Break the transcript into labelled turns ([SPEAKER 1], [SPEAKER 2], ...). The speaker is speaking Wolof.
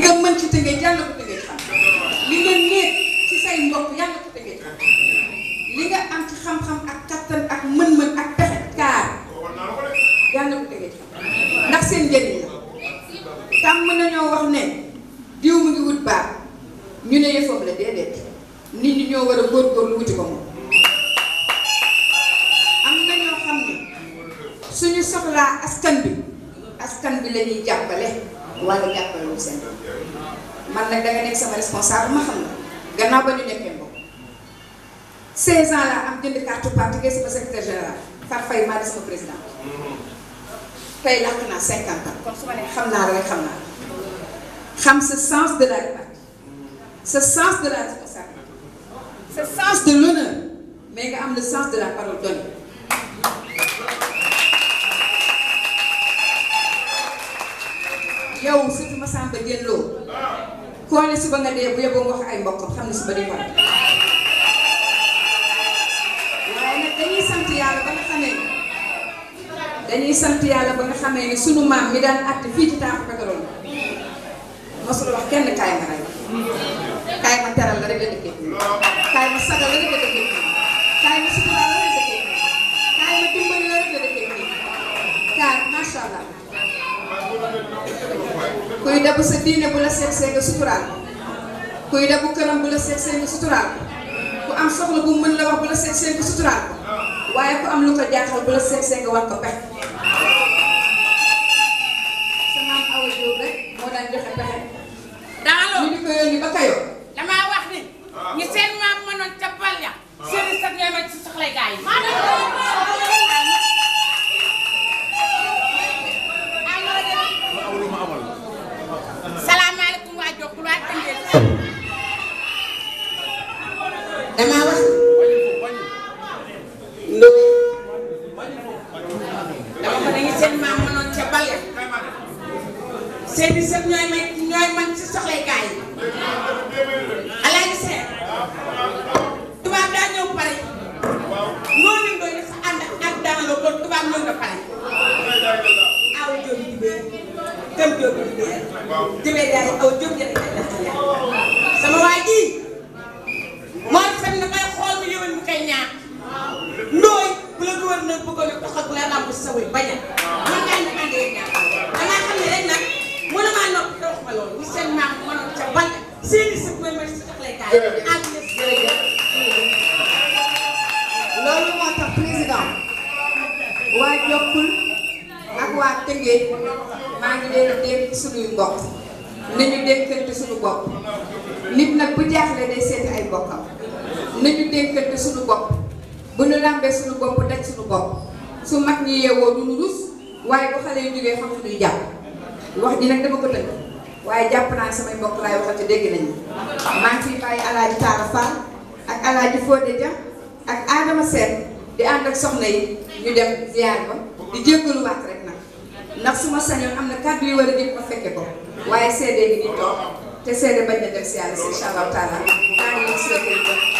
[SPEAKER 1] li nga mën ci tëngee yàlla ko tëngee xam li li nga am ci xam-xam ak kattan ak mën-mën ak pexe kaar ndax seen njëriñ la tàmm nañoo wax ne diw mu ngi wut baax ñu ne yëfam la déedéet nit ñi ñoo war a góorgóorlu wuti ko moom am na xam ne suñu soxlaa askan bi askan bi la jàppale wala responsable. Je seen sama responsable ma ñu 16 ans am jënd carte secrétaire général président tey làkk naa 50 ans ce sens de la ce sens de la responsabilité ce sens de l'honneur mais nga am le sens de la parole donnée koo ne suba nga dee bu yóbboo nga wax ay mbokkam xam ne suba dee war waaye dañuy sant yàlla ba nga xamee ni sunu maam mi daan àtt fii ci taaxu pétrole mosul wax kenn kaay ma rey kaay ma teral la rek la dëkkee ma sagal la rek la ma suturaal la rek la ma dimbali la rek la dëkkee kaay macha kuy lebu këram bu la seet seen ko suturaal ku am soxla bu mën la wax bu la seet seen ko suturaal waaye ku am lu ko jaaxal bu la seet seen nga war ko pexe sama aw jóob rek moo daan joxe pexe daalo ñu di ko yónni ba kayo damaa wax ni ñu seen maam mënoon ca bal ya ah. seeni sat ñooy ma ci soxlay gaa yi salaamaaleykum waa Jokalante damaa wax dama ko dañu seen maam mënoon ca bale seeni sët ñooy may ñooy man ci soxlay gaay yi alaaji tubaab daa ñëw pare moo leen doy dafa ànd ak daanalo kon tubaab ñëw nga pare aw jóobi jubee tam jóobi jubee jubee daay ne bëgg a yóbbu taxaw bu la làmb si sa wéy bañ a. man ngaa ñu ànd ak ñaar dangaa xam ne rek nag mënumaa noppi te wax ma loolu bu seen maam mënoon ca ban seen i sëb mooy mën si tax lay kaay. ak ñëpp jërëjëf. loolu moo tax président waa Jokkul ak waa Tëngéej maa ngi leen di dénk suñuy mbokk nañu dénkante suñu bopp nit nag bu jaaxle day seeti ay bokkam nañu dénkante suñu bopp. bu nu làmbee suñu bopp daj suñu bopp su mag ñi yeewoo du nu rus waaye bu xale yu jógee xam fu ñuy jàpp wax ji nag dama ko tënk waaye jàpp naa samay mbokk laay waxal te dégg nañu maa ngi fiy bàyyi alaaji Talla Fall ak alaaji Fodé Dia ak aadama Sène di ànd ak soxna yi ñu dem ziar ba di jéggalu
[SPEAKER 2] waat rek nag ndax su ma
[SPEAKER 1] sañoon am na kàddu yi war a dégg ma fekke ko waaye seede bi di toog te seede bañ na dem si yàlla si incha allahu taala maa ngi leen